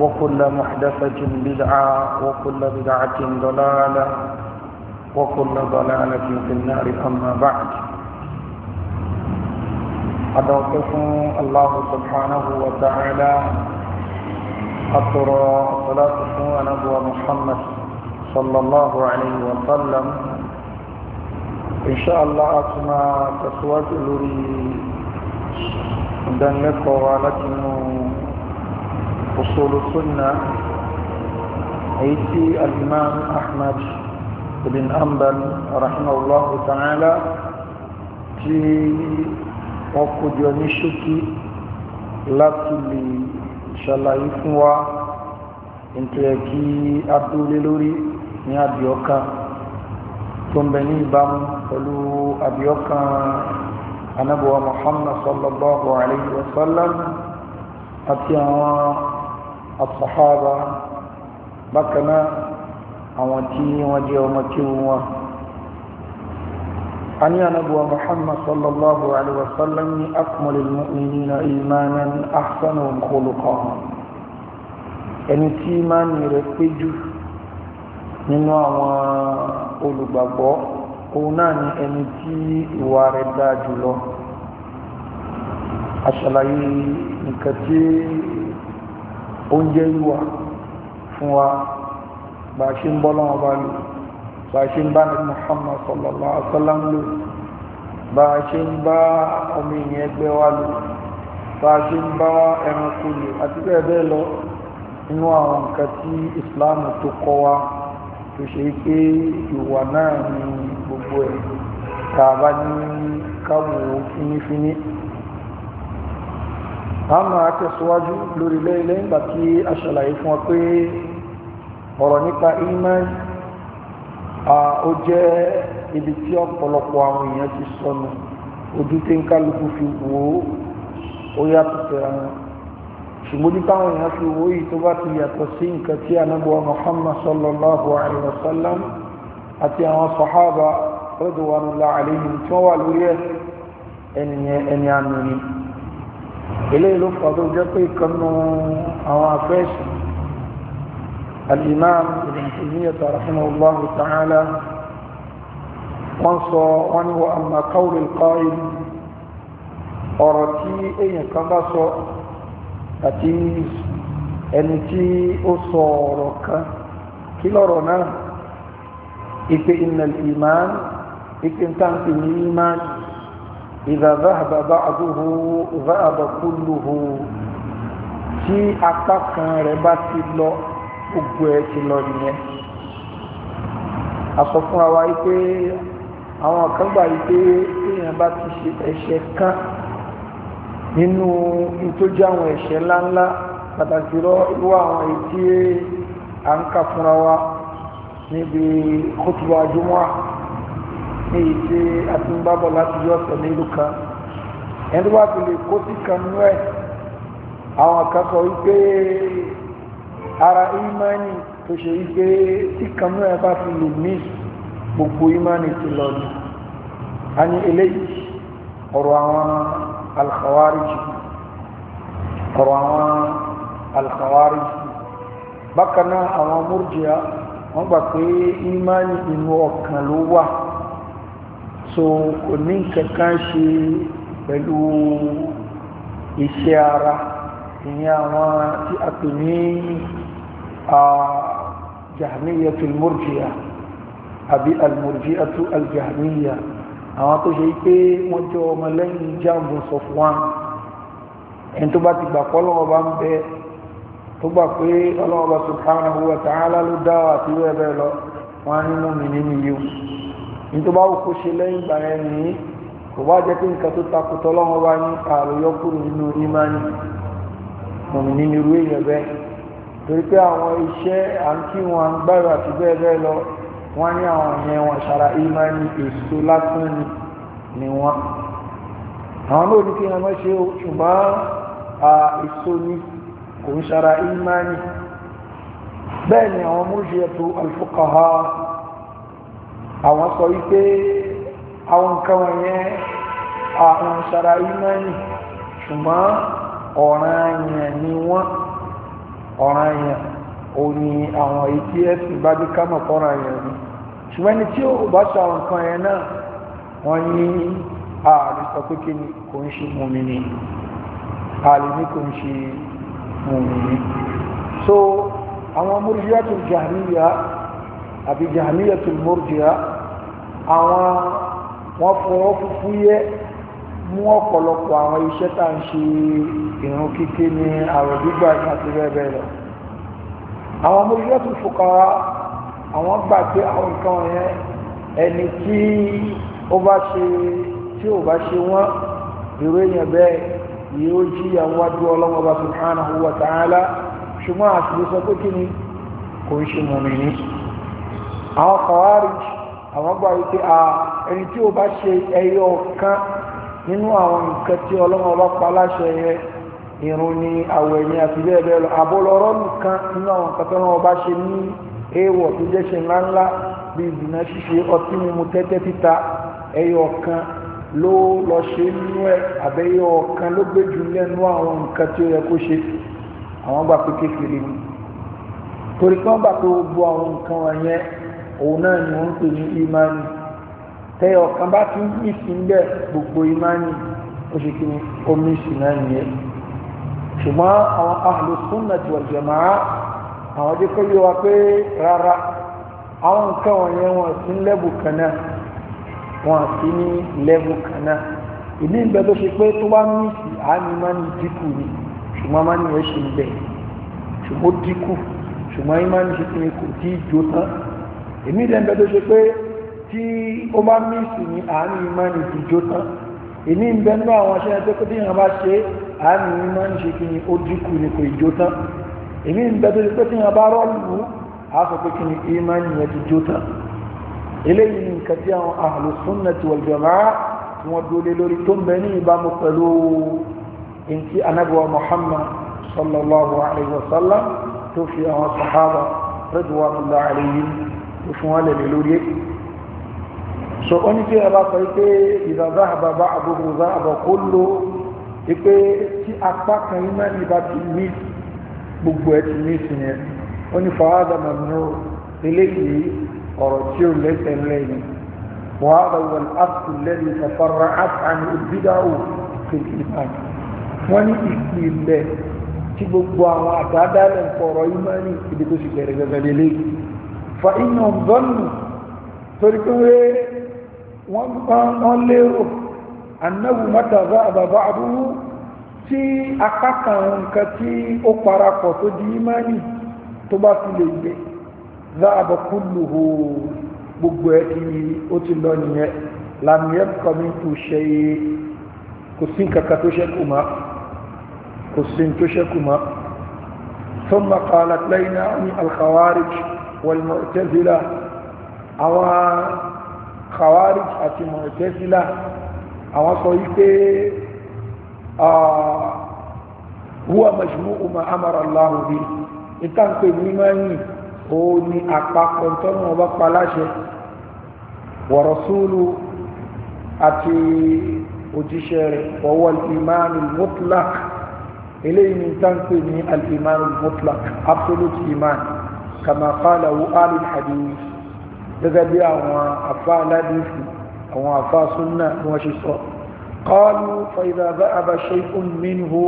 وكل محدثة بدعة وكل بدعة ضلالة وكل ضلالة في النار أما بعد أدعوكم الله سبحانه وتعالى أطرى صلاتكم ونبوى محمد صلى الله عليه وسلم إن شاء الله أسمى تسوات لوري دنك ولكنه أصول السنة أيتي الإمام أحمد بن أنبل رحمه الله تعالى tí wọ́n kójọ ní ṣókí láti lè ṣàlàyé fún wa ìtẹ̀ kí abdúlé lórí ní àbíọ́ká tó ń bẹ ní ìbámu pẹ̀lú àbíọ́ká anábọ̀wà Muhammad sallallahu alayhi wa sallam àti àwọn asahaba bákan náà àwọn tí wọ́n jẹ́ ọmọ tí wọ́n عن نبو محمد صلى الله عليه وسلم أكمل المؤمنين إيمانا أحسنهم خلقا ẹni tí ìmánì rẹ̀ pé jù nínú àwọn olùgbàgbọ́ òun náà ni ẹni tí ìwà rẹ̀ dáa jùlọ aṣàlàyé nǹkan tí oúnjẹ yíwa fún wa bá ṣe ń bọ́ lọ́wọ́ bá lò bá ṣe ń bá ní Muhammad sallallahu alaihi wasallam lò bá ṣe ń bá ọmọ ìyẹn ẹgbẹ́ wa lò bá ṣe ń bá ẹranko lò àti bẹ́ẹ̀ bẹ́ẹ̀ lọ nínú àwọn nǹkan tí Islam tó kọ́ wa tó ṣe pé ìwà náà ni gbogbo ẹ̀ tá a bá ní káwò fínífíní a máa tẹ̀síwájú lórí lẹ́yìnlẹ́ ìgbà tí a ṣàlàyé fún ọ pé ọ̀rọ̀ nípa iman ó jẹ́ ibi tí ọ̀pọ̀lọpọ̀ àwọn èèyàn ti sọnù ojú tí ń kálukú fi wò ó yàtọ̀ tẹ̀ra wọn ṣùgbọ́n nípa àwọn èèyàn fi wò yìí tó bá ti yàtọ̀ sí nǹkan tí anábọ̀ Muhammad sallallahu alayhi wa àti àwọn sahaba radwanullahi alayhim tí wọ́n wà lórí ẹ̀ ẹni àmì eléyìí ló fà tó jẹ́ pé kanú àwọn afẹ́ṣin al-imam ibn taymiyyah rahimahullahu ta'ala wọ́n sọ wọ́n ní wọ́n amma qawl al-qa'il ọ̀rọ̀ tí èèyàn kan bá sọ àti ẹni tí ó sọ ọ̀rọ̀ kan kí lọ́rọ̀ náà ipe innal iman ipe ń tàǹtì ní imáàlì إذا ذهب بعضه ذهب كله tí apá kan rẹ̀ bá ti lọ gbogbo ẹ̀ ti lọ nìyẹn a sọ fún wa pé àwọn kan gbà yí pé èèyàn bá ti ṣe ẹ̀ṣẹ̀ kan nínú ìtọ́jú àwọn ẹ̀ṣẹ̀ ńláńlá pàtàkì lọ irú àwọn èyí tí à ń kà fúnra wa níbi kótóbá jùmọ̀ èyí tí a ti ń bábọ̀ láti yọ ọ̀sẹ̀ nílùú kan ẹni wá fi lè kó sí kan nú ẹ̀ àwọn kan sọ wípé ara ìmánì tó ṣe wípé tí kan nú ẹ̀ bá fi lè mí gbogbo ìmánì ti lọ ni a ní eléyìí ọ̀rọ̀ àwọn alkhawarij ọ̀rọ̀ àwọn alkhawarij bákan náà àwọn múrjìá wọ́n gbà pé ìmánì inú ọkàn ló wà so kò ní kankan ṣe pẹ̀lú iṣẹ́ ara ìyẹn àwọn tí a pè ní jahmiyatul murjiya àbí almurjiyatu aljahmiya àwọn tó ṣe pé wọ́n jọ ọmọ lẹ́yìn jambu sọfwan ẹni tó bá ti gbà pé Ọlọ́run bá ń bẹ tó gbà pé Ọlọ́run subhanahu wa ta'ala ló dá àti wẹ́ẹ̀bẹ́ lọ wọ́n á nínú mi nínú yìí nítorí báwo kó ṣe lẹ́yìn ìgbà yẹn nìyí kò bá jẹ́ pé nǹkan tó bá ní àròyọ́kùrù nínú ìmánì mọ̀mí nínú irú èèyàn bẹ́ẹ̀ torí pé àwọn iṣẹ́ a wọn à àti bẹ́ẹ̀ bẹ́ẹ̀ lọ wọ́n ní àwọn ìyẹn èso lásán ni ni wọ́n àwọn náà ní kí èso ni kò ń ṣara bẹ́ẹ̀ ni àwọn tó ha. àwọn sọ wípé àwọn nǹkan wọ̀nyẹn àwọn sara imani ṣùgbọ́n ọ̀ràn yẹn ni wọ́n ọ̀ràn yẹn ò ní àwọn etí ẹ̀sìn bá dé ká mọ̀ ni ṣùgbọ́n ẹni tí ó bá sọ náà wọ́n ní ààrẹ sọ pé kí ni kò ń ṣe mùmí ni ààrẹ ní kò ń ṣe ni so àwọn àbí jahamiyatul murji'a àwọn wọ́n fọwọ́ fúfú yẹ mú ọ̀pọ̀lọpọ̀ àwọn iṣẹ́ tá à ń ṣe ìrun kíké ní àrò gbígbà àti bẹ́ẹ̀ bẹ́ẹ̀ lọ àwọn murji'atul fuqara àwọn gbà pé àwọn nǹkan yẹn ẹni tí ó bá ṣe tí ò bá ṣe wọ́n ìró èèyàn bẹ́ẹ̀ yóò jí àwọn adú ọlọ́wọ́ subhanahu wa ta'ala ṣùgbọ́n àti lè pé kí ni kò ń ṣe mọ̀mìnì àwọn kọ̀wárì àwọn gbà wípé a ẹni tí ó bá ṣe ẹyọ kan nínú àwọn nǹkan tí ọlọ́run ọba pa láṣẹ yẹn irun ni àwẹ̀ ni àti bẹ́ẹ̀ bẹ́ẹ̀ lọ àbọ̀lọ́rọ́ nìkan nínú àwọn nǹkan tí ọlọ́run ọba ṣe ní èèwọ̀ tó jẹ́ ṣe ńláńlá bí ìdìnnà ṣíṣe ọtí mímu tẹ́tẹ́ títa ẹyọ kan ló lọ ṣe nínú ẹ àbẹ́yọ kan ló gbé jù lẹ́nu àwọn nǹkan tí ó yẹ kó ṣe àwọn gbà pé kékeré ni torí kí wọ́n gbà pé gbogbo àwọn nǹkan wọ̀nyẹn òun náà ni wọ́n ń pè ní imani tẹ́ ọ̀kan bá ti ń bí sí bẹ́ẹ̀ gbogbo imani ó ṣe kí ni omi sì náà nìyẹn ṣùgbọ́n àwọn ahlu sunnah wal jamaa àwọn jẹ́ kó yé wa pé rárá àwọn nǹkan wọ̀nyẹn wọn sí lẹ́bù kan náà wọn sí ní lẹ́bù kan náà ìní ìgbẹ́ tó ṣe pé tó bá mí sí àmì máa dínkù ni ṣùgbọ́n máa ń ṣe ń bẹ̀ ṣùgbọ́n dínkù ṣùgbọ́n ìmáà ṣe kò tí ì jó tán èmi dẹ̀ ń bẹ tó ṣe pé tí ó bá mísì ní àárín ìmánì ti jó tán èmi ń bẹ nínú àwọn aṣẹ́ tó kọ́tí ìyàn bá ṣe àárín ìmánì ṣe kí ni ó dínkù ní kò ìjó tán èmi ń bẹ tó ṣe pé tí ìyàn bá rọ́ọ̀lù á sọ pé kí ni ìmánì yẹn ti tán eléyìí ni nǹkan tí àwọn ahlu sunnati wal jamaa tí wọ́n dúró lórí tó ń bẹ ní ìbámu pẹ̀lú ìntí anábíwá muhammad sallallahu alayhi wa sallam tó fi àwọn sahaba radwanullahi alayhim ó fún wọn lẹ̀lẹ̀ lórí ẹ̀ so ó ní tí ẹ bá sọ pé ìdàdá àbàbà àbòbòdà àbọ̀kó lo pé tí apá kan iná ní bá ti ní gbogbo ẹ ti ní ìsìnyẹn ó ní fàáda mọ̀nù وهذا هو الأصل الذي تفرعت عن البدع في الإيمان wọ́n ní ìpìlẹ̀ tí gbogbo àwọn àdádálẹ̀ ń fọ̀rọ̀ ìmọ̀ ní ibi tó sì fa inú bọ́ọ̀nù torí pé wọ́n lérò annabu mataza àbàbà àbúrú tí akákan nǹkan tí ó parapọ̀ tó di imani tó bá fi lè gbé záàbà kulluhu gbogbo ẹ̀ tí ó ti lọ nìyẹn làmìyàn kọ́mí tó ṣe kò sí nǹkan tó ṣẹ́kù máa kò sí tó ṣẹ́kù máa ثم قالت لنا عن wọlmọ̀tẹ́sílá àwọn kàwárí àti mọ̀tẹ́sílá àwọn sọ wípé huwa majmu'u ma amara Allahu bi ìtànkè mímọ́yìn ó ní àpapọ̀ tọ́nà ọba paláṣẹ wa rasulu àti òjíṣẹ́ rẹ̀ wọ́wọ́ al-iman al-mutlaq eléyìí ní ìtànkè ní al-iman absolute iman kama qalahu alul hadith gẹ́gẹ́ bí àwọn àfá aládìsí àwọn àfá súnnà ni wọ́n ṣe sọ qalu fa idha dhahaba shay'un minhu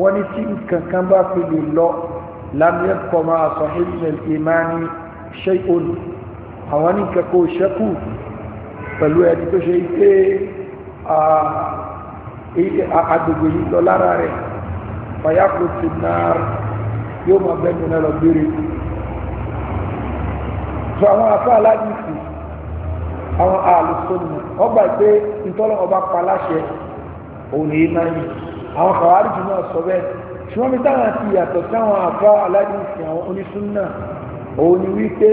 wọ́n ní tí nǹkankan bá fi lè lọ lam yabqa ma'a sahibil al-imani shay'un àwọn nìkan kò ṣẹ́kù pẹ̀lú ẹni tó ṣe pé agbègbè yìí lọ lára rẹ̀ fàyàkùn ti náà yóò máa bẹ́ẹ̀ nínú ẹlọgbére so àwọn afá aládìsí àwọn àlùsọ́nù ọgbà pé ìtọ́lọ́ ọba paláṣẹ òun èyí máa ń yìn àwọn kàwárí jù náà sọ bẹ́ẹ̀ ṣùgbọ́n mi táwọn àti ìyàtọ̀ sí àwọn afá aládìsí àwọn onísúnnà òun ni wípé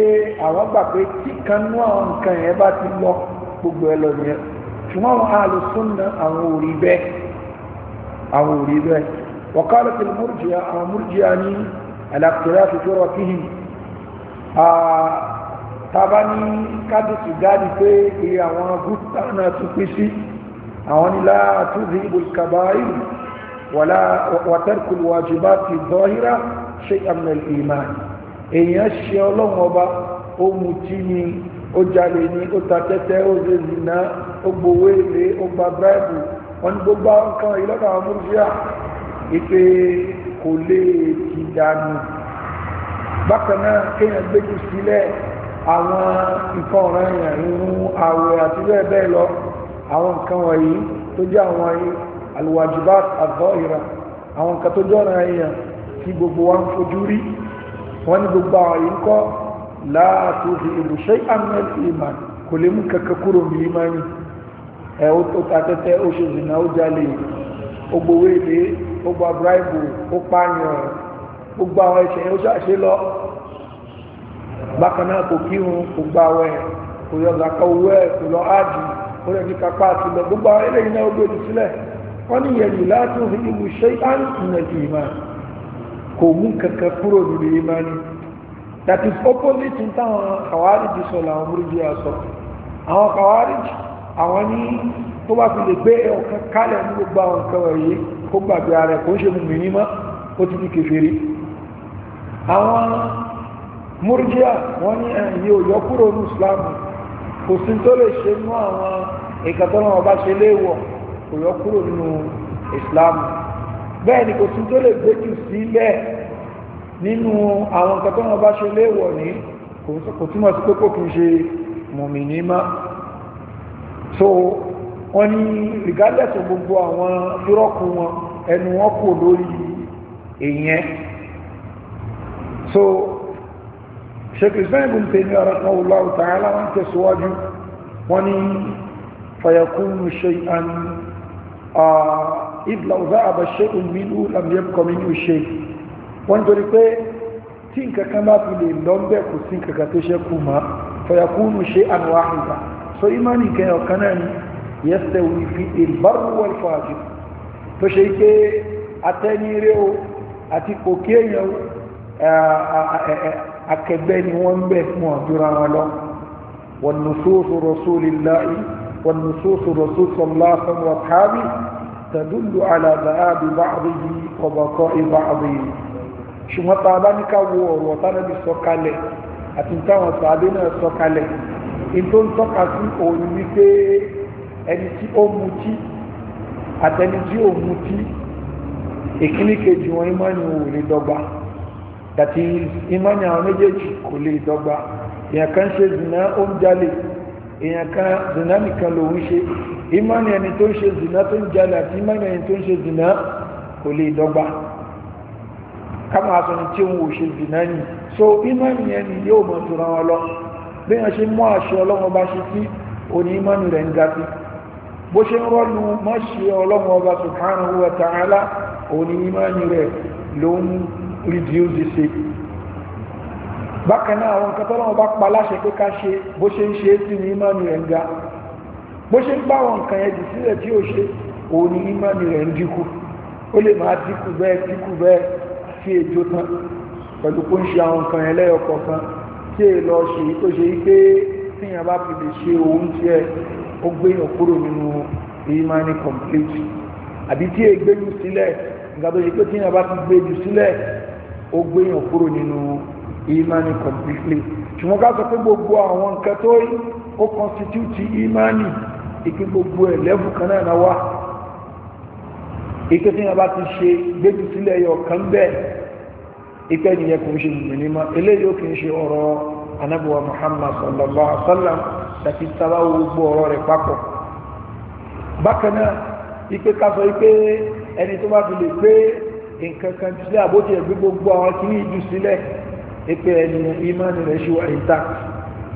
àwọn gbà pé tí kan nú àwọn nǹkan yẹn bá ti lọ gbogbo ẹ lọ nìyẹn ṣùgbọ́n àwọn àlùsọ́nù àwọn ò rí bẹ́ẹ̀ àwọn ò rí bẹ́ẹ̀ وقالت المرجئة أو مرجئة على اختلاف فرقهم آه tàbá ní kádùsù gáàdì pé iye àwọn gúúta náà tún pín sí àwọn nílá túnzí ibò ìkàbáyì wàtẹ́kùlù wàjúbá ti dọ́hírá ṣe àmìlẹ̀ ìmáà èèyàn ṣe ọlọ́run ọba ó mutí ni ó jalè ní ó ta tẹ́tẹ́ ó ṣe zìnà ó gbowó èlé ó gba bíráìbù wọn ni gbogbo àwọn kan ìlọ́dà àwọn mọ́ṣíà ìpè kò lè ti dànù bákan náà kéèyàn gbéjú sílẹ̀ àwọn nǹkan ọ̀ràn èèyàn irun àwẹ̀ àti bẹ́ẹ̀ bẹ́ẹ̀ lọ àwọn nǹkan wọ̀nyí tó jẹ́ àwọn alwajibat az-zahira àwọn nǹkan tó jẹ́ ọ̀ràn èèyàn tí gbogbo wa ń fojú rí wọ́n ní gbogbo àwọn yìí ń kọ́ la tuzhibu shay'an min al-iman kò lè mú kankan kúrò ní ìmánì ẹ̀ ó ta tẹ́tẹ́ ó ṣe zìnà ó bákan náà kò kírun kò gba awẹ kò yọ zaka owó ẹ kò lọ áàdì kò lè ní kápá àti lọ gbogbo àwọn eléyìí náà ó gbèdì sílẹ̀ wọn ní yẹn yìí láti fi ibu ṣe án ìnàjú ìmá kò mú kankan kúrò nínú ìmá ni that is opposite n táwọn kàwáríjì sọ làwọn múrídìí àsọ àwọn kàwáríjì àwọn ní tó bá fi lè gbé ọkàn kálẹ̀ ní gbogbo àwọn nǹkan wọ̀nyí kó gbàgbé ara ẹ̀ kó ń ṣe mú mi ní mọ́ ó ti di kèfèrí àwọn múrjíà wọ́n ní ẹ̀yìn eh, òyọ́ kúrò ní ìsìláàmù kò sí tó lè ṣe mú àwọn ìkàtọ́nà ọba ṣe léèwọ̀ òyọ́ kúrò nínú ìsìláàmù bẹ́ẹ̀ ni kò sí tó lè gbéjù sílẹ̀ nínú àwọn ìkàtọ́nà ọba ṣe léèwọ̀ ní kò túmọ̀ sí pé kí n ṣe mùmìnì so wọ́n ní rìgálẹ̀tọ̀ gbogbo àwọn fírọ́kù wọn ẹnu wọn kò so sheikh islam ibn taymiyyah rahimahullahu ta'ala wọ́n tẹ̀síwájú wọ́n ní fayakunu shay'an idla dha'aba shay'un minhu lam yabqa minhu shay wọ́n torí pé tí nǹkankan bá fi lè lọ́gbẹ́ kò sí nǹkankan tó ṣẹ́kù ma fayakunu shay'an wahida so imani kẹyàn ọ̀kan náà ni yẹ́sẹ̀wì fi al-barru wal-fajir tó ṣe ike atẹ́ni rẹ̀ o àti kòkí èèyàn akẹgbẹ́ ni wọ́n ń bẹ̀ fún àjọra wọn lọ wọn nususu rasulillahi wọn nususu rasul sallallahu alaihi wa tabi tadullu ala dhahabi ba'dihi wa baqa'i ba'dihi ṣùgbọ́n tá a bá ní ká wo ọ̀rọ̀ tánàbí sọ̀kalẹ̀ àti táwọn sàádé náà sọ̀kalẹ̀ in tó ń tọ́ka sí òun ni pé ẹni tí ó mutí àtẹni tí ó mutí ìkíníkejì wọn ìmọ̀ ni òun lè dọ́gba. dàtí ìmọ̀ni àwọn méjèèjì kò lè dọ́gba èèyàn kan ṣe zìnà ó ń jalè èèyàn kan zìnà nìkan lòun ṣe ìmọ̀ni ẹni tó ń ṣe zìnà tó ń jalè àti ìmọ̀ni ẹni tó ń ṣe zìnà kò lè dọ́gba káwọn tí òun ò ṣe zina ni so ìmọ̀ni ẹni yóò mọ̀ tó ràn wọn lọ bí wọ́n ṣe mú àṣẹ ọlọ́wọ́n bá ṣe sí òní ìmọ̀ni rẹ̀ ń ga sí bó ṣe ń rọ́lu reduce the sake bákanáà àwọn nǹkan tọ́lọ́wọ́ bá pa láṣẹ pé ká ṣe bó ṣe ń ṣe sí ní ìmánu rẹ̀ ń ga bó ṣe ń bá àwọn nǹkan yẹn jù sílẹ̀ tí ó ṣe òun ni ìmánu rẹ̀ ń dínkù ó lè máa dínkù bẹ́ẹ̀ dínkù bẹ́ẹ̀ sí èjò tán pẹ̀lú kó ń ṣe àwọn nǹkan yẹn kan tí è lọ ṣe tó ṣe pé tíyàn bá fi lè ṣe òun tí ẹ ó gbéyàn kúrò nínú ìmánu complete àbí tí è gbé jù sílẹ̀ nǹkan tó ṣe pé tíyàn bá fi gbé jù sílẹ̀ ó gbéyàn kúrò nínú imani completely ṣùgbọ́n ká sọ pé gbogbo àwọn nǹkan tó rí ó constitute imani ike gbogbo ẹ̀ lẹ́bù kan náà wá ike tí wọn bá ti ṣe gbéjú sílẹ̀ yọ kan bẹ́ẹ̀ ike nìyẹn kò ń ṣe gbìyànjú mọ́ eléyìí ó kì í ṣe ọ̀rọ̀ anábùwà Muhammad sallallahu alaihi wa sallam tàbí sábà gbogbo ọ̀rọ̀ rẹ̀ papọ̀ bákan náà ike ká sọ pé ẹni tó bá fi lè pé nǹkan kan ti sílẹ̀ àbótí ẹ̀gbẹ́ gbogbo àwọn kìíní ìjù sílẹ̀ ipe ẹni ìmánu rẹ̀ ṣe wà intact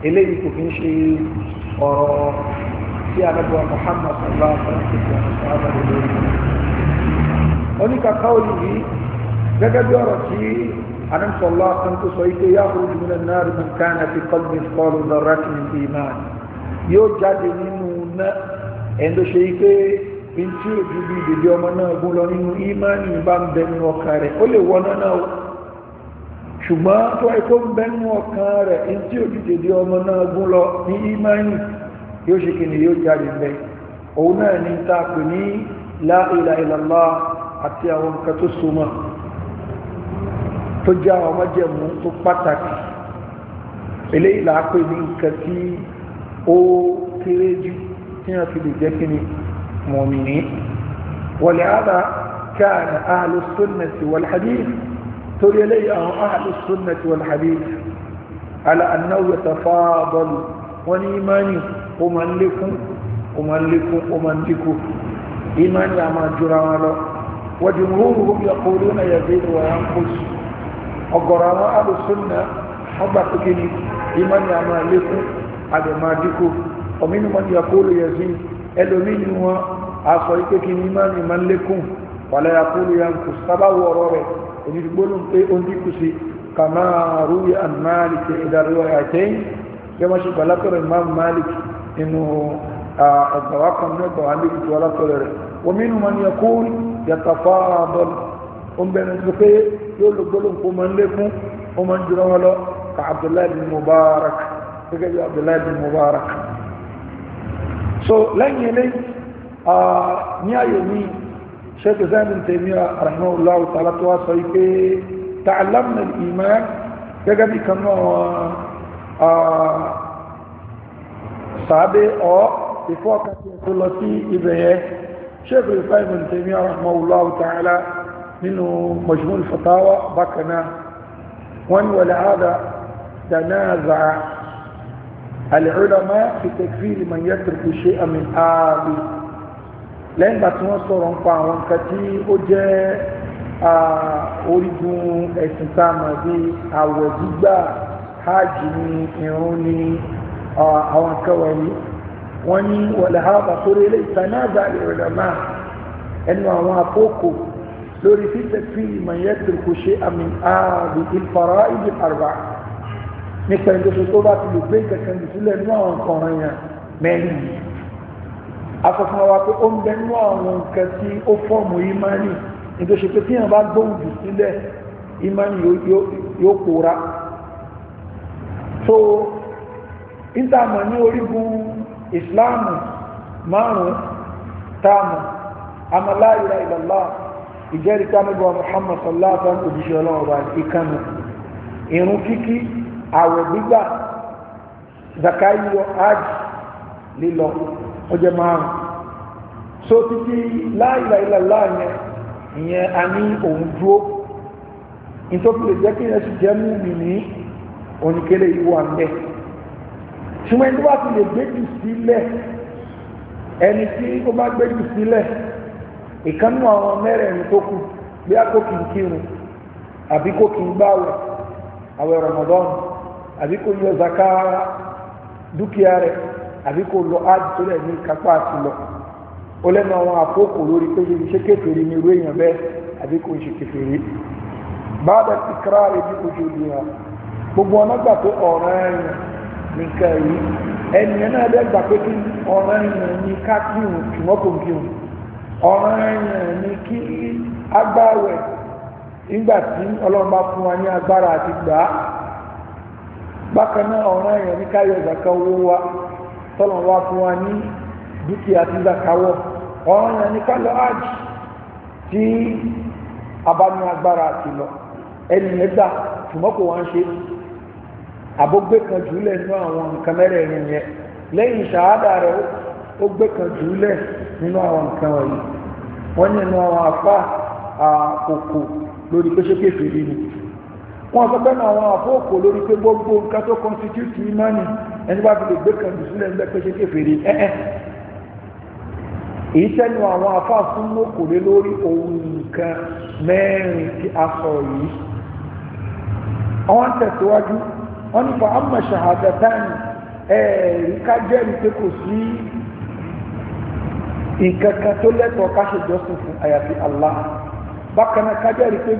eléyìí kò fi ń ṣe ọ̀rọ̀ tí anábọ̀ Muhammad sallallahu alaihi wa sallam oníkàkà òní yìí gẹ́gẹ́ bí ọ̀rọ̀ tí anábọ̀lá kan tó sọ ike yá kúrò jùlọ náà rí nǹkan àti kọ́lùmí kọ́lù lọ́rọ́ kìíní ìmánu yóò jáde nínú náà ẹni tó ṣe ike bí tí ó ju bí dèdè ọmọ náà gún lọ nínú ìmánì bá ń bẹ nínú ọkàn rẹ̀ ó lè wọná náà ṣùgbọ́n tó ẹkọ́ ń bẹ nínú ọkàn rẹ̀ ní tí ó ọmọ náà gún lọ ní ìmánì yóò ṣe kìnnì yóò jáde bẹ òun náà ní ta ní la ilaha illallah àti àwọn nǹkan tó súnmọ́ tó já àwọn májẹ̀mú tó pàtàkì eléyìí là á ní nǹkan tí ó kéré jù tí wọ́n fi lè jẹ́ kìnnì مؤمنين ولهذا كان أهل السنة والحديث تري لي أهل السنة والحديث على أنه يتفاضل ونيماني ومن لكم ومن لكم ومن لكم إيمان يا ما جرى وجمهورهم يقولون يزيد وينقص ọgọ̀rọ̀ àwọn alùsùnà ọgbà pẹ̀kìní ìmọ̀ ni a máa lékún àdèmàdíkù ọmọ inú mọ́ ni a kó lè yẹ sí ẹlòmí ni wọn aṣọ ike kí ni máa ní máa ń lékún wàlẹ́ àkúrú ya ń kù sábàwọ̀ ọ̀rọ̀ rẹ̀ onídìgbóló ń pé ó ń dínkù sí kàmá rúwì àn máàlìkì ìdàrúwà àtẹ́yìn yẹ wọ́n ṣe gbà látọ̀rọ̀ imam máàlìkì nínú ẹgbàwá kan ní ẹgbàwá méjì tó látọ̀rọ̀ rẹ̀ wọ́n mínú wọn ń bẹ̀rẹ̀ kó máa ń ó ń jùlọ gẹ́gẹ́ bí abdullahi bin mubarak so lẹ́yìn eléyìí ní ààyè mi ṣẹ́kù zẹ́mìn tèmíà rahimahullahu ta'ala tó wá sọ wípé ta'allamna al-iman gẹ́gẹ́ bí kan náà sàábé ọ́ ìfọ́kàtí ẹ̀kọ́ lọ sí ibẹ̀ yẹn ṣẹ́kù zẹ́mìn tèmíà rahimahullahu ta'ala nínú majmu' fatawa bákanáà wọ́n ni wala hada tanaza'a العلماء في تكفير من يترك شيئا من آبي لين باتنا سورون قاوان كتي أجي أريدون إسنتاما دي أوزيبا حاجني إروني أوان كوالي وني ولهذا قولي لي تنازع العلماء أنه أوان فوقو لوري في تكفير من يترك شيئا من آبي الفرائض الأربعة nípa ìdóso tó bá ti lè gbé kankan jù sílẹ̀ nínú àwọn nǹkan ọ̀ràn yẹn mẹ́rin yìí afọ̀fún wa pé ó ń bẹ nínú àwọn nǹkan tí ó fọ́ọ̀mù ìmánì ìdóso pé tíyàn bá gbóhùn jù sílẹ̀ ìmánì yóò pòórá so ìtààmù ní orígun ìsìláàmù márùn táàmù amáláyìlá ìlàlá ìjẹ́rìí kámẹ́gbọ́n Muhammad sallallahu alaihi wa sallam òjíṣẹ́ ọlọ́run ìkànnì ìrún kíkí àwẹ̀ gbígbà zaka yíyọ hajj lílọ ó jẹ márùn so títí la ilaha illallah yẹn ìyẹn a ní òun dúró ìtọ́pìlẹ̀ jẹ́ kí yẹn sì jẹ́ mú mi ní oníkélé ìwọ àmì ṣùgbọ́n ẹni tó bá ti lè gbé jù sílẹ̀ ẹni tí ó bá gbé jù sílẹ̀ ìkánú àwọn mẹ́rẹ̀ẹ̀rin tó kù bí a kò kì í kírun àbí kò kì í gbáwẹ̀ àwẹ̀ Ramadan àbí kò yọ zaka dúkìá rẹ̀ àbí kò lọ áàdì tó lẹ̀ ní kápá àti lọ ó lẹ́nu àwọn àkókò lórí pé ṣe kékeré ní irú èèyàn bẹ́ẹ̀ àbí kò ṣe kékeré báàdà ti kíra rẹ̀ bí ojú ìlú wa gbogbo ọ̀nà gbà pé ọ̀ràn ẹ̀yàn nìkan yìí ẹnìyàn náà bẹ́ẹ̀ gbà pé kí ọ̀ràn ẹ̀yàn ní ká ṣùgbọ́n kò kírun ọ̀ràn ẹ̀yàn ní kí agbáwẹ̀ nígbà tí ọlọ́run bá fún wa ní agbára àti gbà bákan náà ọ̀ràn èèyàn ní káyọ̀ ìzàkà owó wa tọ́lọ̀ wá fún wa ní dúkìá tí zakawọ̀ ọ̀ràn èèyàn ní káyọ̀ ájì tí abámi agbára àti lọ ẹnìyẹn gbà ṣùgbọ́n kò wá ń ṣe àbógbé kan jùlẹ̀ nínú àwọn nǹkan mẹ́rẹ̀ẹ̀rin yẹn lẹ́yìn ṣàádà rẹ̀ ó gbé kan jùlẹ̀ nínú àwọn nǹkan wọ̀nyí wọ́n nínú àwọn afá àkókò lórí pé ṣé kéfèé nínú wọ́n sọ pé àwọn àfóòkò lórí pé gbogbo nǹkan tó constitute imani ẹni bá fi lè gbé kan dùsúlẹ̀ ń bẹ́ pé ṣe kéferì èyí àwọn afáàfún lé lórí ohun nǹkan mẹ́rin tí a sọ yìí àwọn tẹ̀síwájú wọ́n nípa àmọ̀ ṣàhàdàtàn ẹ̀ẹ̀rí ká pé kò sí nǹkan kan tó lẹ́tọ̀ọ́ fún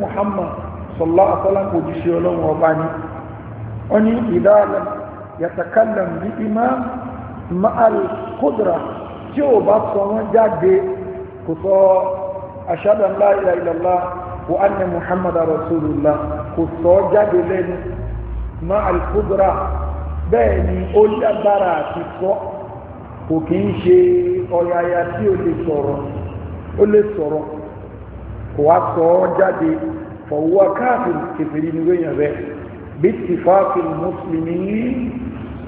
Muhammad sọlá àtọ́lá kò jíṣẹ́ ọlọ́run ọba ni ó ní ìdáàlẹ̀ yàtàkàlẹ̀ ní imá ma'al kudra tí ó bá sọ wọ́n jáde kò sọ ashhadu an la ilaha illallah wa anna muhammadar rasulullah kò sọ jáde lẹ́nu ma'al kudra bẹ́ẹ̀ ni ó lágbára àti sọ kí ń ṣe ọ̀yàyà tí ó lè sọ̀rọ̀ kò wá sọ ọ́ jáde fọwọ́ káàfin kẹfìrí ní wẹ́yìn rẹ̀ bí ti fáfin mùsùlùmí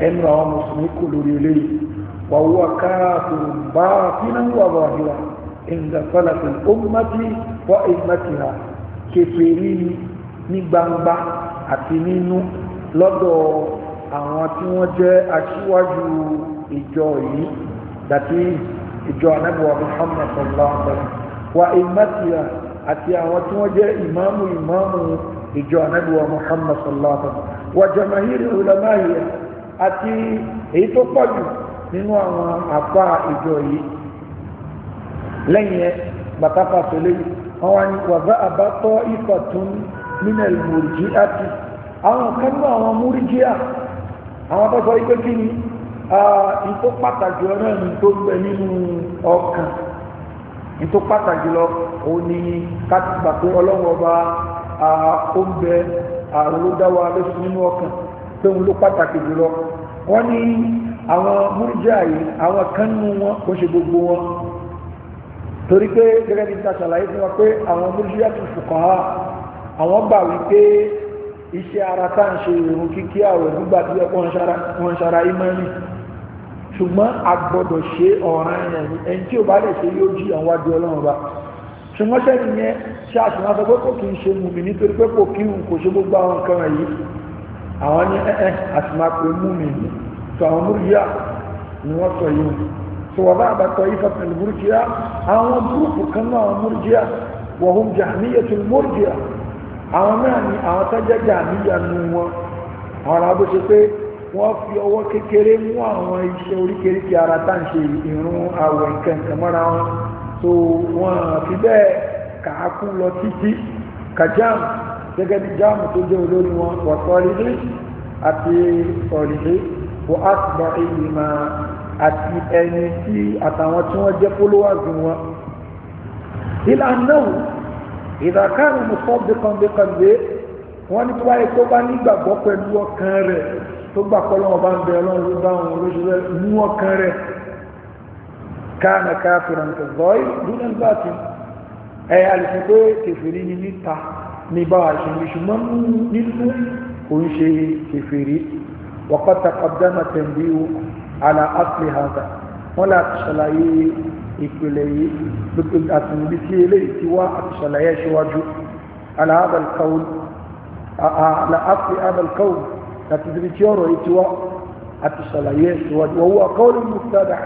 ẹnu àwọn mùsùlùmí kò lórí eléyìí fọwọ́ káàfin bá fínà wà wà níwà ìgbà fọlàfin ó mọ́tí fọ́ ìmọ̀tìrà kẹfìrí ní gbangba àti nínú lọ́dọ̀ àwọn tí wọ́n jẹ́ aṣíwájú ìjọ yìí dàtí ìjọ anábọ̀ Muhammad sallallahu alaihi wa sallam wa ìmọ̀tìrà àti àwọn tí wọ́n jẹ́ ìmáàmù ìmáàmù ìjọ anábíwa muhammad sallallahu alaihi wa sallam wa jamahiri ulama yìí àti èyí tó pọ̀ jù nínú àwọn àpá ìjọ yìí lẹ́yìn ẹ gbàtàpà tó léyìn wọ́n wá ní wàbá àbátọ́ ifatun minal murji'ati àwọn kan àwọn murji'a àwọn tó sọ wípé kí ni ìtó pàtàkì ọ̀rẹ́ mi tó gbẹ nínú ọkàn nítò pàtàkì lọ òun ni kátìgbà pé ọlọ́run ọba oúnjẹ àrùn ló dá wa lóṣù nínú ọkàn pé òun ló pàtàkì jùlọ wọ́n ní àwọn múrìjà yìí àwọn kan nínú wọn kò ṣe gbogbo wọn torí pé gẹ́gẹ́ bí ta ṣàlàyé fún wa pé àwọn múrìjà tó fùkàn á àwọn gbà wípé iṣẹ́ ara tá à ń ṣe ìrùn kíkí àwẹ̀ nígbà tí ẹ̀kọ́ wọn ṣara ìmọ̀ ṣùgbọ́n a gbọ́dọ̀ ṣe ọ̀ràn yẹn ni ẹni tí ó bá lè ṣe yóò jí àwọn wájú ọlọ́run ọba ṣùgbọ́n sẹ́ni yẹn ṣe àṣùwọ̀n sọ pé kò kí n ṣe mùmí nítorí pé kò kí n kò ṣe gbogbo àwọn nǹkan yìí àwọn ní ẹ̀ẹ́ àṣùwọ̀n pé mùmí ni tó àwọn múríyá ni wọ́n sọ yìí tó wọ́n bá àbàtọ̀ yìí fọ́pẹ̀ ní àwọn gúrùpù kan náà àwọn múríyá wọ̀hún jàmíyàtul múríyá àwọn náà ni àwọn tẹ́jẹ́ jàmíyà nù wọn àwọn alábòṣe pé wọ́n fi ọwọ́ kékeré mú àwọn iṣẹ́ oríkèéríkèé ara tá ń ṣe ìrún àwẹ̀ kẹ̀kẹ́ mọ́ra wọn tó wọ́n fi bẹ́ẹ̀ kàákún lọ títí kajam gẹ́gẹ́ bí jáàmù tó jẹ́ olórí wọn wà sọ́rílé àti sọ́rílé wọ́n á ti bọ̀ èyí máa àti ẹni tí àtàwọn tí wọ́n jẹ́ followers wọn. ìlànà ìdàkárùn-ún sọ́bìkan bí kan gbé wọ́n ní tí wáyé tó bá nígbàgbọ́ pẹ̀lú ọkàn rẹ̀ tó gbà pọ́lọ́wọ́ bá ń bẹ ọlọ́run ló bá wọn olóṣèlú mú ọkàn rẹ̀ káàna káàkiri nǹkan bọ́ọ̀ì dúnà bá ti ẹ̀yà àlùfẹ́ pé kèfèrí ni níta ní báwa ìṣẹ̀lẹ̀ ṣùgbọ́n nínú òun ṣe kèfèrí wọ́pọ̀ takọ̀dámà tẹ̀m̀bí ala asli hada wọ́n lè àtìṣàlàyé àti ibi tí ọ̀rọ̀ yìí ti wá àti ṣàlàyé ìwádìí wọ́n wá kọ́ lórí mùsàdà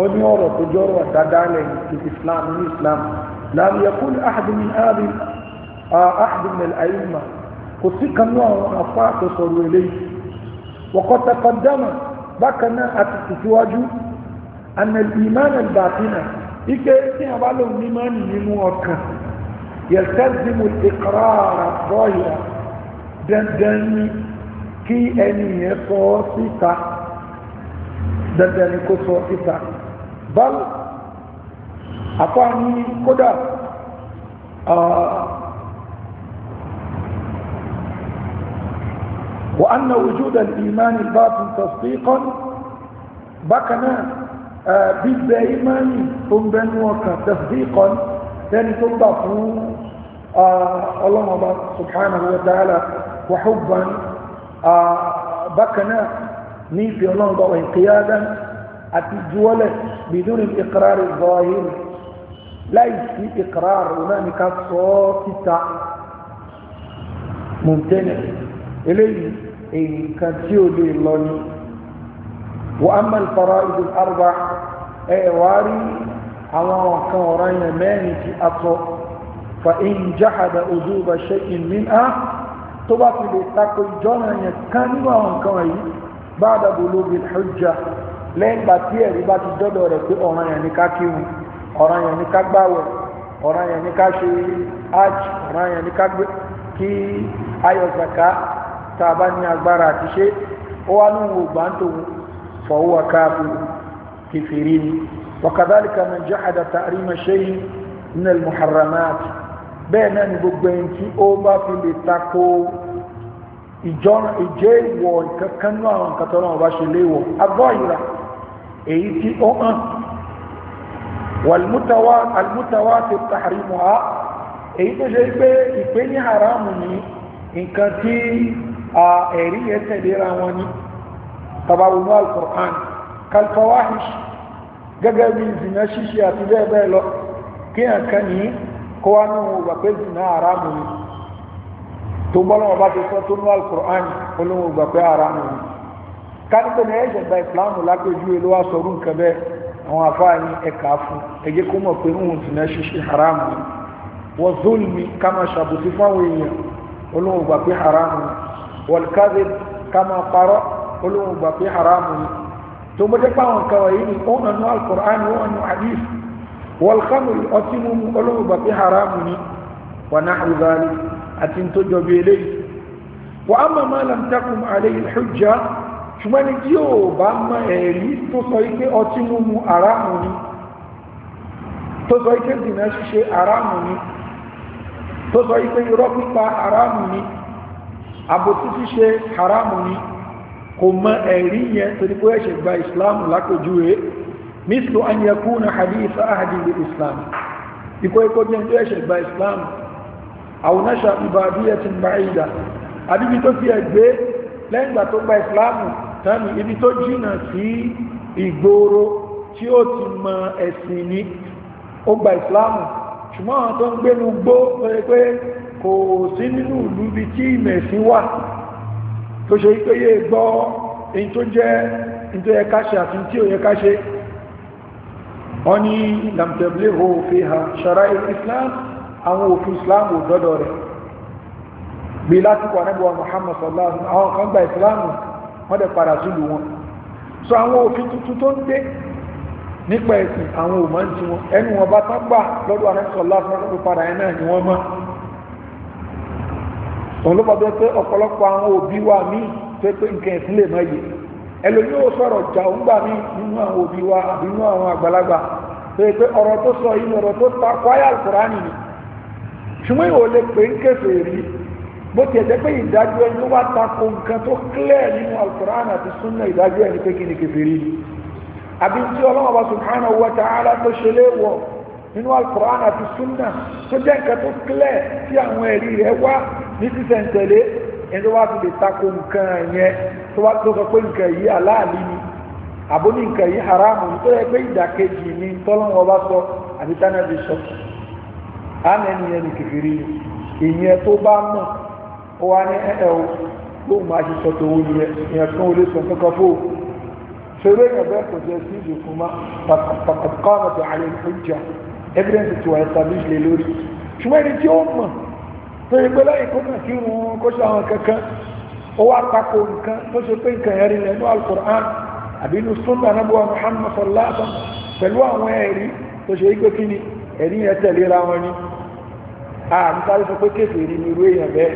ó ní ọ̀rọ̀ tó jọ́rọ̀ dáadáa lẹ́yìn ti islam ní islam láàmì yakul ahadum ahadum ahadum al-ayyuma kò sí kanú àwọn afá tó sọ̀rọ̀ eléyìí wọ́kọ́ takọ̀dámà kí ẹni yẹn sọ ọ́ síta dandan ni kó sọ ọ́ síta báwo àfáàní kódà wa anna wujud al-iman al-batin tasdiqan bákan náà bíbẹ ìmánì tó ń bẹnu ọkàn tasdiqan lẹ́ni tó gbà fún ọlọ́mọba subhanahu wa ta'ala wa hubban آه، بكنا مين في الله قيادا أتي بدون الإقرار الظاهر ليس في إقرار هناك صوت ممتنع إليه إن كان سيودي الله وأما الفرائض الأربع أيواري الله كان ورأينا ماني في أطو فإن جحد أجوب شيء منها tó bá fi lè tako ìjọ́nà yẹn kan nínú àwọn nǹkan wọ̀nyí bá dàbò lóbi hujja lẹ́yìn ìgbà tí ẹ̀rí bá ti dọ́dọ̀ rẹ̀ pé ọ̀ràn yẹn ní ká kírun ọ̀ràn yẹn ní ká gbàwẹ̀ ọ̀ràn yẹn ní ká ṣe hajj ọ̀ràn yẹn ní ká gbé kí ayọ̀ tá a bá ní agbára àti ṣe ó wá ní òun ògbà ń tòun fọwọ́ káàbù kìfìrí ni wàkàdálìkà man jahada ta'rima shay'in min al bẹ́ẹ̀ náà ni gbogbo ẹni tí ó bá fi lè tako ìjẹ́ ìwọ̀ kankan náà àwọn nǹkan tó náà bá ṣe léwọ̀ agbọ́ ìra èyí tí ó hàn wàlmútawá ti tààrí mọ́ á èyí tó ṣe pé ìpé ní haramu ní nǹkan tí ẹ̀rí yẹ tẹ̀léra wọn ní tabawunu al kalfawahish gẹ́gẹ́ bí ìzìnà ṣíṣe àti bẹ́ẹ̀ bẹ́ẹ̀ lọ kí àkànní kó wá nínú wà pé zina haramu ni tó ń bọ́ lọ́wọ́ bá ti sọ tó nú alukur'an olóhùn gbà pé haramu ni kánípẹ́ ní ẹ̀ṣẹ̀ gba ìsìláàmù lápẹ́jú ló wá sọ̀rọ̀ nǹkan bẹ́ẹ̀ àwọn afáàní ẹ̀ka fún ẹ̀jẹ̀ kó mọ̀ pé òun zina ṣiṣẹ́ haramu ni wọ́n zóòlù mi ká máa ṣàbòsí fáwọn èèyàn olóhùn gbà pé haramu ni wọ́n káde ká máa parọ́ olóhùn gbà haramu ni tó mọ́tẹ́ pàwọn kàwáyé ni ó nà nú alukur'an ó nà nú hadith wọ́lkámùl ọtí mú olóògbà pé haramu ni wà náà rúgbàlì àti tó jọbi eléyìí wà á mọ̀mọ́ làmtakùn àlẹ́ ìlhújá ṣùgbọ́n ni tí yóò bá mọ ẹ̀rí tó sọ ike ọtí mú mú haramu ni tó sọ ike dìnà ṣíṣe haramu ni tó sọ ike irọ́ pípa haramu ni àbòtí ṣíṣe haramu ni kò mọ ẹ̀rí yẹn torí pé ẹ̀ṣẹ̀ gba ìsìláàmù lápèjúwe mislu an yakuna hadith ahdi bil islam iko iko jengo ya islam au nasha ibadiyatin ba'ida adibi tó fi egbe lẹ́yìn ìgbà gba islam tani ibi tó jìnnà si igboro tí o ti ma ẹ̀sìn ni gba islam ṣùgbọ́n tó ń gbénu gbó pẹ̀lú kò sí nínú ìlú bí tí ìmẹ̀sìn wà tó ṣe wípé gbọ́ èyí tó jẹ́ wọ́n ní lamtẹ̀blé ho fi ha ṣara islam àwọn òfin islam ò dọ́dọ̀ rẹ̀ bí lásìkò anábíwá muhammad sallallahu alaihi wasallam àwọn kan gba islam wọ́n dẹ̀ padà sílù wọn so àwọn òfin tuntun tó ń dé nípa ẹ̀sìn àwọn ò máa ń ti wọn ẹnu wọn bá tán lọ́dọ̀ ẹlòmí ò sọ̀rọ̀ jà ń gbà mí nínú àwọn òbí wa àbí nínú àwọn àgbàlagbà tó yẹ pé ọ̀rọ̀ tó sọ yìí ọ̀rọ̀ tó ta kwaya alukurani ni ṣùgbọ́n ìwò lè pè ń kéfè rí bó tiẹ̀ jẹ́ pé ìdájọ́ ẹni tó bá ta ko nǹkan tó clear nínú alukurani àti sunna ìdájọ́ ẹni pé kí ni kéfè rí ni àbí tí ọlọ́wọ́ bá subhanahu wa ta'ala tó ṣe léwọ̀ nínú alukurani àti sunna tó jẹ́ nǹkan tó clear tí àwọn ẹ̀rí rẹ̀ wá ní sísẹ̀ntẹ̀lé ẹni tó bá lè ta nǹkan yẹn tó wá tó sọ pé nǹkan yìí aláàlí ni àbó ní nǹkan yìí haramu ní tó yẹ pé ìdàkejì ni tọ́lọ́wọ́ bá sọ àbí tánàbí sọ àmì ẹnìyẹn ní kìfìrí ìyẹn tó bá mọ̀ ó wá ní ẹ̀ẹ́ o bóun máa ṣe sọ tòun yẹn ìyẹn kan ò lè sọ kankan fóun ṣeré yẹn bẹ́ẹ̀ kò jẹ́ sí ìdìkú ma pàtàkọ́nà tó àyè ìjà evidence tó wà establish lé lórí ṣùgbọ́n ẹni tí ó mọ̀ tó yẹ pé láyé kó kàn sí irun kó ṣe ó wá tako nǹkan tó ṣe pé nǹkan ẹ̀rí lẹ́nu alukur'an àbí inú sunna anábọ̀ muhammad sallallahu alaihi wasallam pẹ̀lú àwọn ẹ̀rí tó ṣe yí pé kí ni ẹ̀rí yẹn tẹ̀léra wọn ni àmì sáré sọ pé kéfì rí ni irú èèyàn bẹ́ẹ̀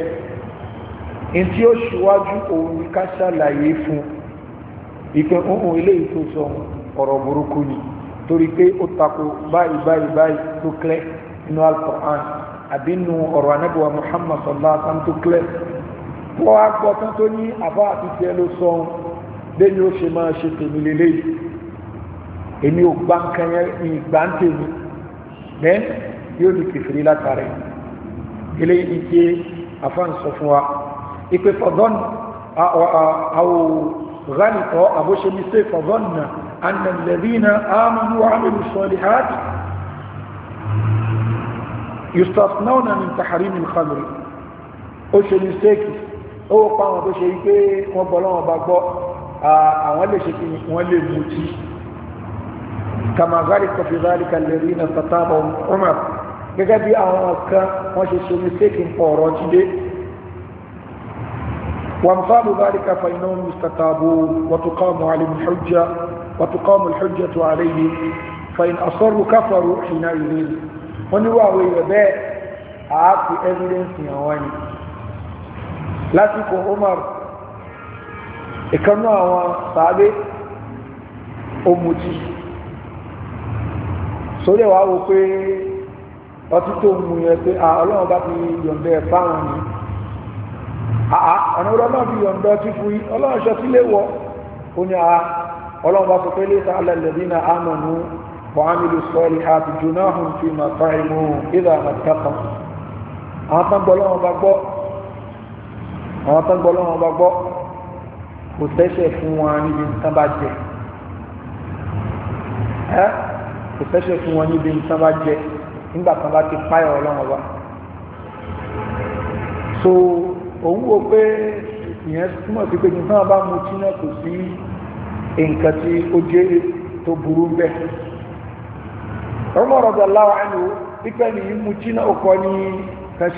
in tí ó ṣíwájú òun ni ká ṣàlàyé fún ìpè ohun eléyìí tó sọ ọ̀rọ̀ burúkú ni torí pé ó tako báyìí báyìí báyìí tó kílẹ̀ nínú alukur'an àbí inú ọ̀rọ̀ anábọ̀ muhammad sallallahu alaihi wasallam tó kílẹ̀ wọ́n á gbọ́ tán tó ní àbá àti tiẹ̀ ló sọ lẹ́yìn ó ṣe máa ṣe tèmi lélẹ́yìí èmi ò gbá nǹkan yẹn ní ìgbà ń tèmi bẹ́ẹ̀ yóò di kìfìrí látàrí eléyìí ti afáàn sọ fún wa ìpè fọdọ́n àwò ghanitọ́ àbóṣemi sí fọdọ́n na anna lẹ́rìnà àmàlù àmàlù salihat yustafnauna min tahrimi al-khamri ó ṣe ní sẹ́kì ó pa àwọn tó ṣe yí pé wọ́n gbọ́ lọ́wọ́ bá gbọ́ àwọn lè ṣe kí wọ́n lè mutí kama zalika fi zalika alladhina fataba umar gẹ́gẹ́ bí àwọn kan wọ́n ṣe ṣe mistake ń pọ̀ ọ̀rọ̀ ti dé وامثال ذلك فإنهم يستتابون وتقام عليهم الحجة وتقام الحجة عليهم فإن أصروا كفروا حينئذ ونواوي بيع عاقي evidence يواني lásìkò Umar ìkanú àwọn sàábé omutí sórí ẹ̀wà wo pé ọtí tó mú yẹn pé ah, ọlọ́run bá ti yọ̀ǹdẹ̀ fáwọn ni ah, ah, ọ̀nà ọlọ́run fi yọ̀ǹdẹ̀ ọtí fún yí ọlọ́run ṣọtí léwọ́ ó ní a ọlọ́run bá sọ pé lẹ́sà alẹ́lẹ́dínà amanu wa amilu salihati junahum fi màfáìmù ìdá àmàtàkàn àwọn tán gbọ́ ọlọ́run àwọn tó ń gbọ́ lọ́wọ́ bá kò sẹ́sẹ̀ fún wọn níbi nǹkan bá jẹ ẹ́ kò sẹ́sẹ̀ fún wọn níbi nǹkan bá bá ti so òun wo pé ìyẹn túmọ̀ sí pé nǹkan bá mu tí náà kò sí nǹkan tí ó jẹ́ tó burú bẹ́ẹ̀ ọmọ rọ̀dọ̀ láwọn àánú pípẹ́ nìyí mu tí náà ó kọ́ ní kan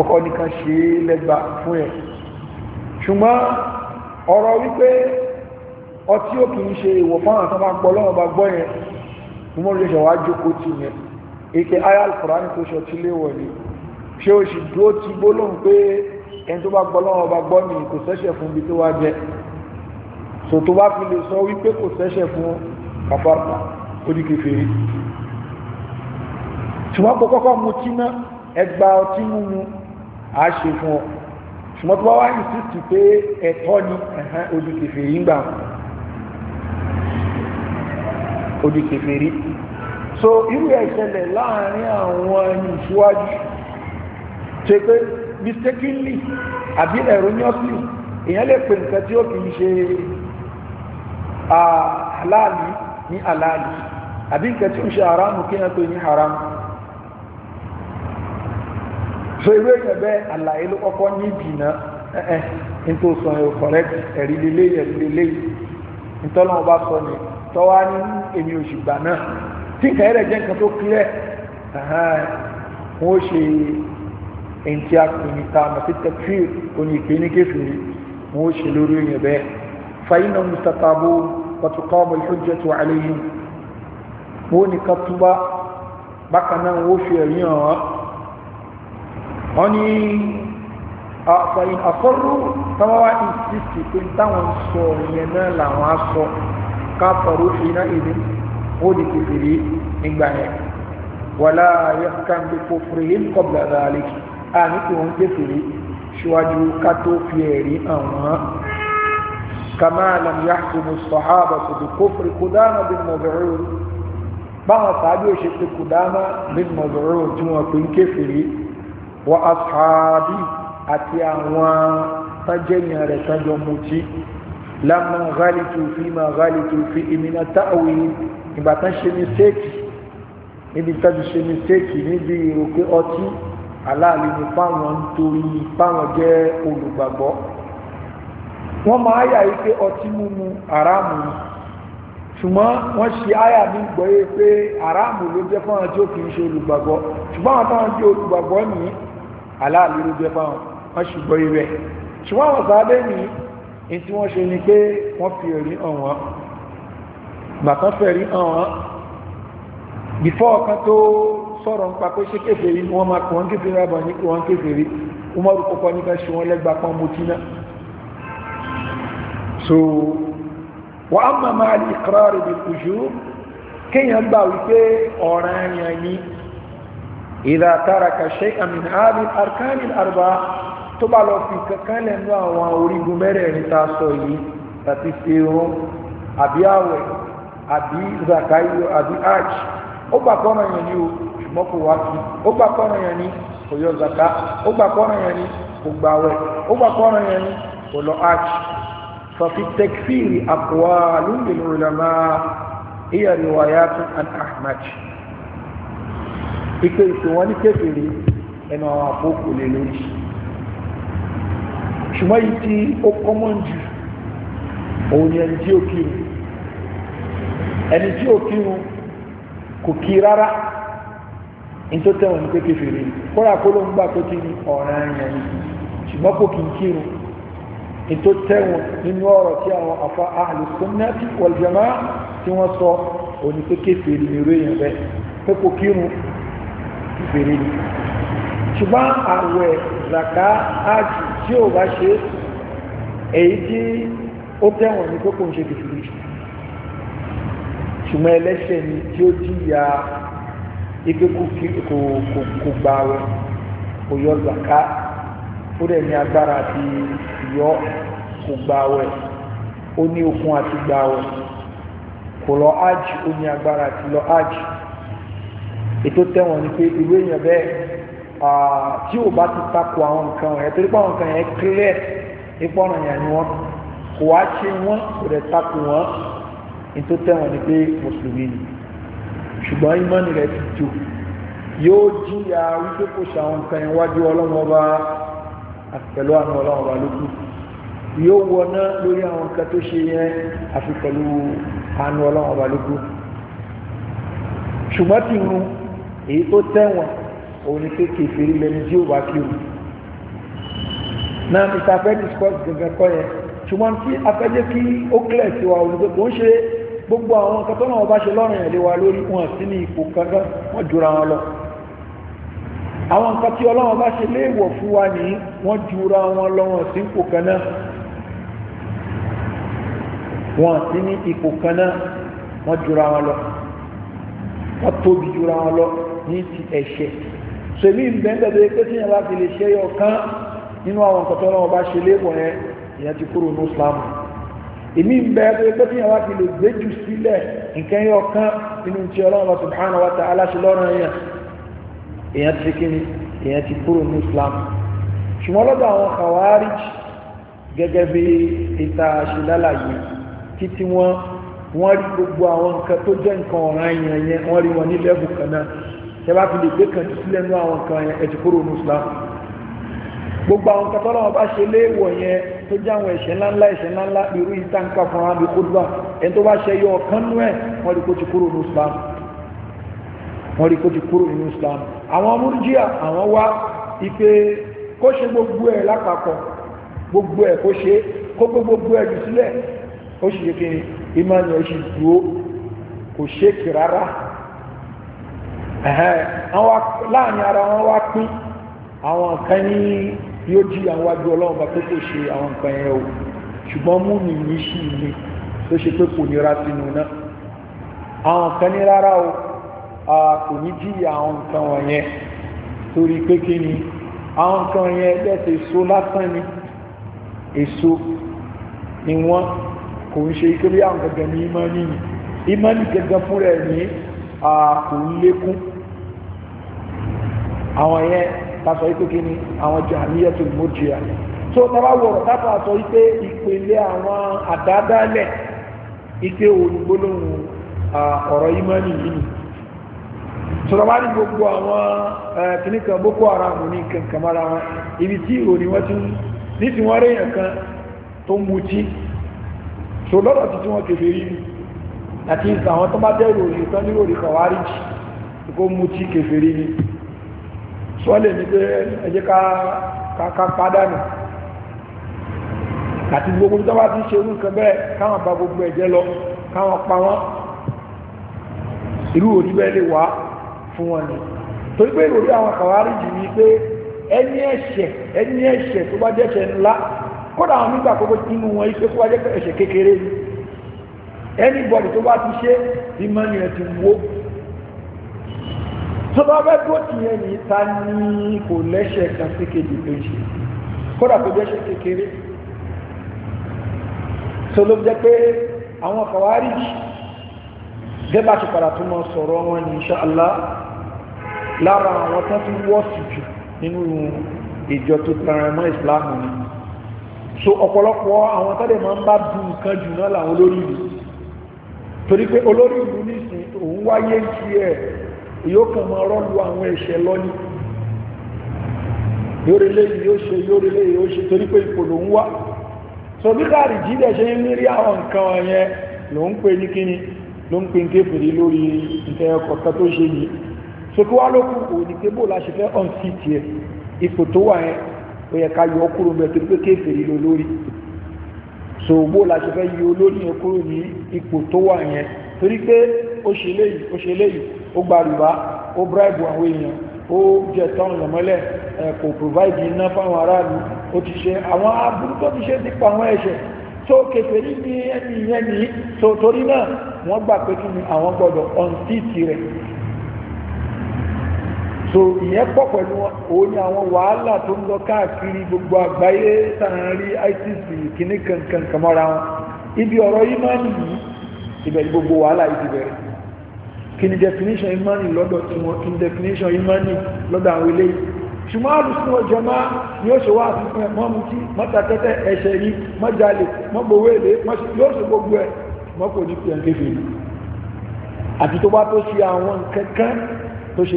ọkọ nìkan ṣe é lẹ́gbà fún ẹ̀ ṣùgbọ́n ọ̀rọ̀ wípé ọtí ò kì í ṣe ìwọ̀ fáwọn tó máa gbọ́ lọ́wọ́ bá gbọ́ yẹn mo mọ̀ lè ṣẹ̀wá jókòó tì yẹn èké ayé alukùránì tó ṣe ọtí léwọ̀ ni ṣé o sì dúró ti gbólóhùn pé ẹni tó bá gbọ́ bá gbọ́ a ṣe fún ọ ṣùgbọ́n tó bá wá ìsìsì pé ẹ̀tọ́ ni odi kẹfẹ́ yìí gbà odi kẹfẹ́ rí so irú ẹ̀ṣẹ̀lẹ̀ láàrin àwọn ẹni ìṣíwájú ṣe pé mistakenly àbí erroneously èèyàn lè pè nǹkan tí ó kì í ṣe ah, aláàlì ní aláàlì àbí nǹkan tí ó ń ṣe haram. kí wọ́n pè ní haramu so irú èèyàn bẹ́ẹ̀ àlàyé ló kọ́kọ́ ní ìdìnnà ẹ̀ẹ́ nítorí sọ yẹn correct ẹ̀rí lélẹ́ ẹ̀rí lélẹ́ ìtọ́lọ́mọ bá sọ ni tọ́wá ní èmi oṣù gbà náà tí nǹkan ẹ̀rẹ̀ jẹ́ nǹkan tó clear wọ́n ṣe ẹ̀ǹtí àpènìta àmọ́sí tẹ̀fíìr oní ìpínlẹ̀ kẹfìrí wọ́n ṣe lórí èèyàn bẹ́ẹ̀ fàyínà mustatabu wàtúkọ́ ọmọ ìṣòjẹ́tù àlẹ́yìn wọ́n ní katuba bákan náà wọ́n fi ẹ̀rí hàn án wọ́n ní àfàyìn àfọ́rú táwọn wá ìsìsì pé táwọn sọ yẹn náà làwọn á sọ káfọ̀rú iná ìdí ó di kìfìrí nígbà yẹn wàlá yẹ́ká ń bí kò fúri yìí kọ̀bìlà dáálé à ní kí wọ́n jẹ́ fèrè ṣíwájú ká tó fi ẹ̀rí àwọn kama lam yahkumu sahaba bi kufri kudama bin mọ̀bẹ̀rún báwọn sàábí ò ṣe pé kudama bin mọ̀bẹ̀rún tí wọ́n pè ń kéfèrè wa ashabi àti àwọn tajẹ́yìn rẹ̀ tajọ mutí lámà ghalitu fi ma ghalitu fi ìmìnà táwì ìbátan ṣe mistake níbi tájú ṣe mistake níbi ìrò ọtí aláàlú ni fáwọn ń torí fáwọn jẹ́ olùgbàgbọ́ wọ́n máa yà yí pé ọtí mímu aráàmù ṣùgbọ́n wọ́n ṣe àyà mi gbọ́ yé pé aráàmù ló jẹ́ fáwọn tí ó kì í ṣe olùgbàgbọ́ ṣùgbọ́n àwọn táwọn jẹ́ olùgbàgbọ́ nìyí aláàlú ló jẹ́ fáwọn wọ́n ṣùgbọ́n irẹ̀ ṣùgbọ́n àwọn sàábẹ́ ní in tí wọ́n ṣe ni pé wọ́n fi ẹ̀rí hàn wọ́n bàtán fẹ̀rí hàn wọ́n bífọ́ ọ̀kan tó sọ̀rọ̀ nípa pé ṣé kéferì ni wọ́n máa kí wọ́n kéferì àbọ̀ ní kí wọ́n kéferì umaru kọ́kọ́ ní ká ṣe wọ́n lẹ́gbà pọ́n mutí náà so wa amma ma al-iqrar bil-wujub kéèyàn gbà wípé ọ̀ràn yẹn ni إذا ترك شيئا من هذه الأركان الأربعة تبالو في ككان لأنه هو أريد مرة تاسوي تتسيرو أبي أوي أبي زكاي أبي أج ó gbà kọ́nà yẹn ni o ṣùgbọ́n kò wá kí ó gbà kọ́nà yẹn ni kò yọ zaka ó gbà kọ́nà yẹn ni kò gbà wẹ̀ ó gbà kọ́nà yẹn ni kò lọ aj ففي التكفير أقوال للعلماء هي روايات عن أحمد ìpè ìpè wọn ní kékeré ẹnu àwọn àpòkò lè lórí ṣùgbọ́n yìí tí ó kọ́mọ̀n jù òun ni ẹni tí ó kírun ẹni tí ó kírun kò kí rárá nítorí tẹ̀wọ̀n ní kékeré kóra kó ló ń gbà tó kí ni ọ̀ràn ẹ̀yàn ni ṣùgbọ́n kò kí n kírun nítorí tẹ̀wọ̀n nínú ọ̀rọ̀ tí àwọn afa ahlu sunnati wal tí wọ́n sọ òun ni kékeré ni eré yẹn bẹ́ẹ̀ pé kò kírun ìbèrè ni ṣùgbọ́n àwẹ̀ zaka ájì tí ò bá ṣe èyí tí ó tẹ̀wọ̀n ní kókò ń ṣe kìfìrí ṣùgbọ́n ẹlẹ́ṣẹ̀ ni tí ó jìyà ike kò gba àwẹ̀ kò yọ zaka ó dẹ̀ ní agbára àti ìyọ́ kò gba àwẹ̀ ó ní okun àti gba àwẹ̀ kò lọ ájì ó ní agbára àti lọ ájì ètò tẹ̀wọ̀n ni pé ìwé èèyàn bẹ́ẹ̀ tí ò bá ti takò àwọn nǹkan ẹ̀ torí pé àwọn nǹkan yẹn clear ipò ọ̀ràn yẹn ni wọ́n kò wá ṣe wọ́n kò dẹ̀ takò wọ́n ètò tẹ̀wọ̀n ni pé mùsùlùmí ni ṣùgbọ́n ìmọ̀nì rẹ̀ ti jò yóò jìyà wípé kò ṣe àwọn nǹkan yẹn wájú ọlọ́wọ́n ọba àti pẹ̀lú àwọn ọlọ́wọ́n ọba lókù yóò wọná lórí àwọn nǹkan tó ṣe yẹn àfi pẹ̀lú àánú ọlọ́wọ́n ọba lókù ṣùgbọ́n ti rún èyí tó tẹ̀wọ̀n òun ni pé kèfèrí lẹni tí ó wá kí o náà mr fẹ́ discuss gẹ́gẹ́ kọ́ yẹn ṣùgbọ́n tí afẹ́jẹ́ kí ó clear sí wa òun tó ń ṣe gbogbo àwọn nǹkan tó náà bá ṣe lọ́rùn ẹ̀ lé wa lórí wọn sí ní ipò kankan wọ́n jura wọn lọ àwọn nǹkan tí ọlọ́run bá ṣe léèwọ̀ fún wa ní wọ́n jura wọn lọ wọn sí ipò kan náà sí ní ipò kan wọ́n jura wọn lọ wọ́n tóbi jura wọn lọ ní ti ẹ̀ṣẹ̀ sèmi ìbẹ́ńdẹ̀dẹ̀ pé tí yẹn bá fi lè ṣe yọ kán nínú àwọn nǹkan tó náà bá ṣe léwọ̀ ẹ ìyẹn ti kúrò ní Islam èmi ń bẹ pé pé tí yẹn bá fi lè gbé jù sílẹ̀ nǹkan yọ kán nínú ti Ọlọ́run subhanahu wa ta'ala ṣe lọ́rùn yẹn ìyẹn ti kíni ìyẹn ti kúrò ní Islam ṣùgbọ́n lọ́dọ̀ àwọn Khawarij gẹ́gẹ́ bí ìta ṣìlálàyé títí wọn wọ́n rí gbogbo àwọn nǹkan tó jẹ́ nǹkan ọ̀ràn yẹn yẹn wọ́n rí wọn ní lẹ́bù kan náà ṣẹba fi lè gbé kan sílẹ̀ nú àwọn kan yẹn ẹ̀tì kúrò ní islam gbogbo àwọn kan tọ́lọ́wọ́ bá ṣe léèwọ̀ yẹn tó jẹ́ àwọn ẹ̀ṣẹ̀ ńláńlá ẹ̀ṣẹ̀ ńláńlá irú ìtànkà fún àwọn àbí kúrò ẹni tó bá ṣe yọ ọ̀kan nú ẹ̀ wọ́n rí kó ti kúrò ní islam wọ́n rí kó ti kúrò nínú islam àwọn múrjíà àwọn wá ipe kó ṣe gbogbo ẹ̀ lápapọ̀ gbogbo ẹ̀ kó ṣe kó gbogbo ẹ̀ jù sílẹ̀ ó ṣe kí ni ó ṣe dúó kò ṣe kì rárá láàrin ara wọn wá pín àwọn nǹkan ní yóò jí àwọn wájú ọlọ́run bá pé kò ṣe àwọn nǹkan yẹn o ṣùgbọ́n mú mi ní sí ilé tó ṣe pé kò nira sínú náà àwọn nǹkan ní rárá o kò ní jí àwọn nǹkan wọ̀nyẹn torí pé kí ni àwọn nǹkan yẹn lẹ́sẹ̀ èso lásán ni èso ni wọ́n kò ń ṣe ikú bí àwọn gẹ̀gẹ̀ ní ìmánì ìmánì gẹ̀gẹ̀ fúnra ẹ̀ ní kò ń lékún àwọn yẹn t'asọ yìí pé kí ni àwọn jàmíyà tó tó tọ́wá wọ̀rọ̀ tábà sọ yìí pé ìpele àwọn àdádálẹ̀ ike olùgbólóhùn ọ̀rọ̀ ìmánì yìí sọ̀rọ̀bá ní gbogbo àwọn boko haram ní wọn ibi tí ní tí wọ́n kan tó ń so lọ́rọ̀ tí wọ́n kèfè rí àti ìsàwọn tó bá jẹ́ ìròyìn ní ìròyìn kọ̀wárí kò rí ni wọ́n lè ní pé ẹjẹ́ ká pádánù àti gbogbo tó bá ti ṣe irú nǹkan bẹ́ẹ̀ káwọn bá gbogbo ẹ̀jẹ̀ lọ káwọn pa wọ́n irú òní bẹ́ẹ̀ lè wá fún wọn ni torí pé ìròrí àwọn kàwárí jì ní pé ẹni ẹ̀ṣẹ̀ ẹni ẹ̀ṣẹ̀ tó bá jẹ́ṣẹ̀ ńlá kódà àwọn nígbà kókó nínú wọn ipe tó bá jẹ́ ẹ̀ṣẹ̀ kékeré ni anybody tó bá ti ṣe ìmọ̀ nìyẹn ti wó tó bá bẹ́ tó tìyẹn ní ta ní kò lẹ́ṣẹ̀ kan sí kejì méjì kódà kò jẹ́ṣẹ̀ kékeré tó ló jẹ́ pé àwọn kàwárí gẹ́bà ti padà tó mọ sọ̀rọ̀ wọn ní insha Allah lára àwọn tán ti wọ́ọ̀sì jù nínú ìjọ tó tara mọ́ ìsìláàmù ni so ọ̀pọ̀lọpọ̀ àwọn tọ́lẹ̀ máa ń bá bu nǹkan jù náà làwọn olórí ìlú torí pé olórí ìlú nísìn òun wáyé kí ẹ̀ yóò kàn máa rọ́lu àwọn ẹ̀ṣẹ̀ lọ́ní yórelé yóò ṣe yórelé yóò ṣe torí pé ipò ló ń wá so bí káàrí jídẹ̀ ṣe ń rí àwọn nǹkan ọ̀yẹn ló ń pè ní kíni ló ń pè ń kéfèrè lórí ìtẹ́ ọkọ̀ tó ṣe yìí so kí wá ló kú kò ní pé bóòlá ṣe fẹ́ ọ̀n sí tiẹ̀ ipò tó wà yẹn ó yẹ ká yọ kúrò bẹ̀ torí pé kéfèrè ló lórí so bóòlá ṣe fẹ́ yọ olórí yẹn ní ipò tó wà yẹn torí pé ó ṣe léyìí ó ṣe léyìí ó gba rìbá ó bribe àwọn èèyàn ó jẹ tán lọ̀mọ́lẹ̀ kò provide iná fáwọn aráàlú ó ti ṣe àwọn aburú tó ti ṣe nípa àwọn ẹ̀ṣẹ̀ tó kẹfẹ́ ní ní ẹni ìyẹn tó torí náà wọ́n gbà pé kí ni àwọn gbọ́dọ̀ ọ̀ǹtìtì rẹ̀ so ìyẹn pọ̀ pẹ̀lú òun ni àwọn wàhálà tó ń lọ káàkiri gbogbo àgbáyé sàárín ICC kìnnìkankan kàmọ́ra wọn ibi ọ̀rọ̀ yìí máa ń yìí ìbẹ̀rẹ̀ gbogbo wàhálà yìí ti bẹ̀rẹ̀ kí ni definition imani lọ́dọ̀ tí wọ́n kí ni definition imani lọ́dọ̀ àwọn ilé ṣùgbọ́n alùsùn ọjọ́ máa ni ó ṣe wá fífún ẹ̀ mọ́mú tí mọ́tàtẹ́tẹ́ ẹ̀ṣẹ̀ rí mọ́jálè mọ́gbòwé èlé yóò ṣe gbogbo ẹ̀ mọ́kò ní pẹ̀ kéfè àti tó bá tó ṣe àwọn nǹkan kan tó ṣe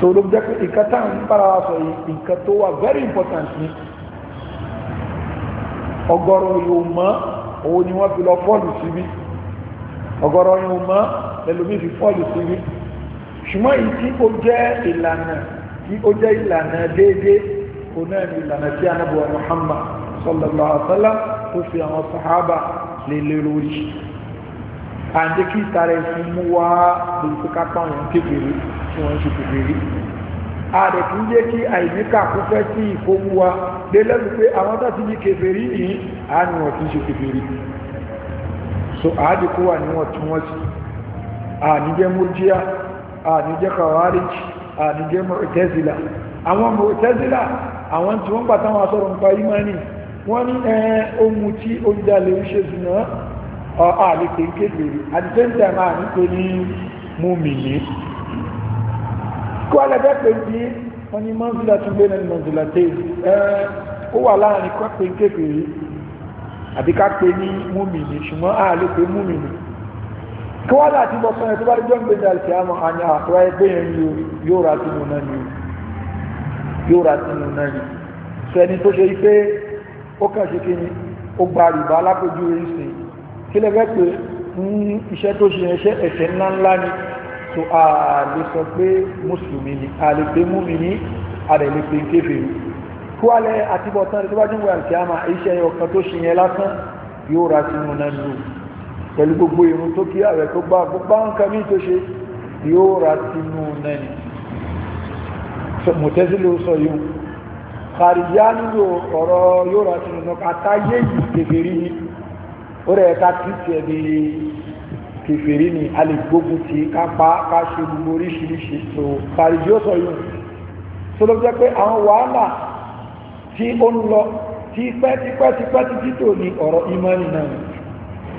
So look that ikatan para so ikato a very important ni. Ogoro yuma o ni wa bi lo fall sibi. Ogoro yuma e lo mi fi fall sibi. Shuma iti o je ilana ki o je ilana dede ko na ni ilana ti anabu Muhammad sallallahu alaihi wasallam ko fi awon sahaba lelee le ruji. Anje ki tare fun muwa bi ti ka pa tí wọ́n ń ṣe kèfèrí ààrẹ kìí jẹ́ kí àìníkà kó fẹ́ sí ìfowó wa lé lẹ́nu pé àwọn tàbí ní kèfèrí yìí àánú wọn kìí ṣe kèfèrí so àádé kó wà níwọ̀n tí wọ́n sì àníjẹ́ mọ́jíà àníjẹ́ kàwárìj àníjẹ́ mọ̀tẹ́zìlà àwọn mọ̀tẹ́zìlà imani wọ́n ní ẹ ohun tí olùdálẹ̀ ń ṣe zùnà àlèkè kí wọ́n lẹ́fẹ́ pé bí wọ́n ní mọ́ńsílà tún gbé nínú mọ́ńsílà tẹ́ ẹ ó wà láàrin ká pé kékeré àbí ká pé ní múmìnì ṣùgbọ́n a lè pé múmìnì kí wọ́n láti bọ́ sọ́yìn tó bá rí jọ́ǹgbé dàlùkì àmọ́ àní àtúrà ẹgbẹ́ yẹn yóò ra sínú náà ni yóò ra sínú náà ni sọ ẹni tó ṣe pé ó kàn ṣe kí ni ó gba àrùbá alápèjú rẹ̀ sí kí lẹ́fẹ́ pé iṣẹ́ tó ṣe ẹ̀ṣẹ̀ ńláńlá ni so a lè sọ pé mùsùlùmí ni a lè pé múmi ní a lè lè pé kébèrè kó alẹ́ àtibọ̀tán tó bá jẹ́ ìwé àlùkìyàmà iṣẹ́ ọ̀kan tó ṣe yẹn lásán yóò ra sí mu náà lò pẹ̀lú gbogbo irun tó kí ààrẹ tó gbá gbogbo nǹkan mí tó ṣe yóò ra sí mu náà ni mọ̀tẹ́sílẹ̀ sọ yóò kàríyá nílò ọ̀rọ̀ yóò ra sí mu náà àtàyé yìí kékeré ó rẹ̀ ká kìí tiẹ̀ bíi kèfèrí ni a lè gbógun ti ká pa ká ṣe gbogbo oríṣiríṣi tó Khariji ó sọ yìí tó ló jẹ́ pé àwọn wàhálà tí ó ń lọ tí pẹ́tipẹ́tipẹ́ títí tó ní ọ̀rọ̀ ìmọ̀ni náà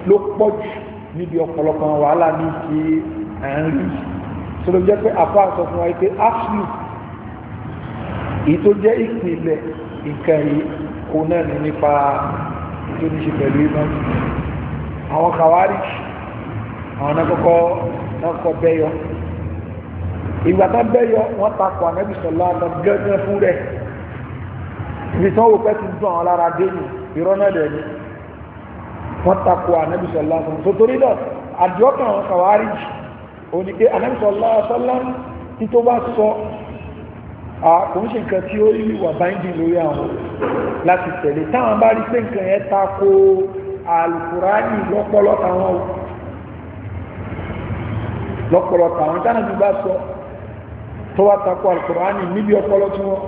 ló pọ̀ jù níbi ọ̀pọ̀lọpọ̀ wàhálà ní ti àárín tó ló jẹ́ pé àpá sọ fún wa pé áṣù èyí tó jẹ́ ìpìlẹ̀ nǹkan yìí kò náà ní nípa tó ní ṣe pẹ̀lú ìmọ̀ni àwọn kàwárí àwọn náà kọ́kọ́ náà kọ́ bẹ́yọ ìgbà tó bẹ́yọ wọ́n takọ̀ ànábì sọ̀lá lọ gẹ́gẹ́ fún rẹ̀ ibi tí wọ́n wò pẹ́ ti dùn àwọn lára dé ní irọ́ náà dẹ̀ ni wọ́n takọ̀ ànábì sọ̀lá sọ̀lá tó torí náà àdìọ́kàn àwọn kàwárí jì òní pé ànábì sọ̀lá sọ̀lá ní tó bá sọ kò ń ṣe tí ó rí wà báyìí lórí àwọn láti tẹ̀lé táwọn bá rí pé nǹkan yẹn takò àlùkùránì lọ́pọ̀lọpọ̀ àwọn lọ́pọ̀lọpọ̀ àwọn tánà ti bá sọ tó wá takọ alukurani níbi ọpọlọ tí wọ́n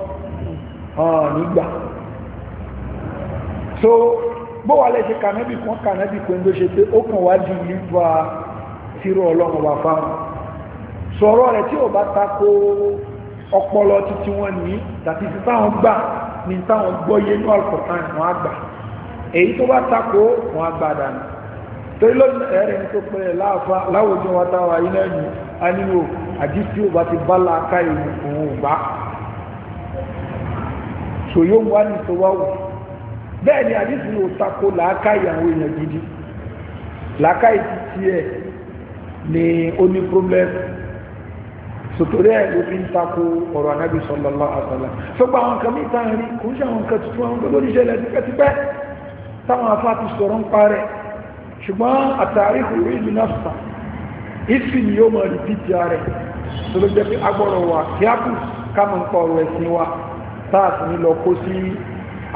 hàn nígbà so bó wà lẹ́sẹ̀ kànábì kan kànábì kan tó ṣe pé ó kàn wá di nípa tíró ọlọ́run wà fáwọn sọ̀rọ̀ rẹ̀ tí ò bá takọ ọpọlọ títí wọn ní tàbí ti táwọn gbà ní táwọn gbọ́yé ní alukurani wọn àgbà èyí tó bá takọ wọn àgbà dànù torí lọ́nà ẹ̀rẹ́ ní tó pẹ̀lẹ̀ láwùjọ wa táwa yìí náà ní a nílò àdísí ò bá ti bá láàká ìlú òun ò bá ṣòyó wà ní tó wá wù bẹ́ẹ̀ ni àdísí ò tako làáká ìyàwó èèyàn gidi làáká ìtì tiẹ̀ ni ó ní pírọ́blẹ́mù sotori ẹ ló fi ń tako ọ̀rọ̀ anabi sọlọlọ àtàlà sọgbà àwọn kan mìíràn rí kò ń ṣe àwọn kan tuntun àwọn kan lórí ìṣẹ̀lẹ̀ tipẹ́tipẹ́ táwọn afá ti sọ̀rọ̀ ń parẹ́ ṣùgbọ́n àtàrí ìwé ìlú náà ìfì ni ó mọ̀ rìpítì ààrẹ tó ló jẹ́ pé agbọ́rọ̀ wà kí á kù kámọ̀ ń pọ̀rọ̀ ẹ̀sìn wa táàs ní lọ kó sí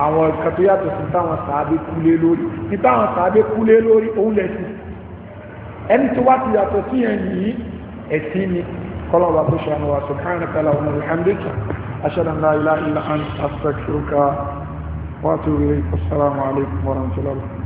àwọn nǹkan tó yàtọ̀ sí táwọn sàábé kúlé lórí ní táwọn sàábé kúlé lórí òun lẹ̀sìn ẹni tó wá ti yàtọ̀ sí yẹn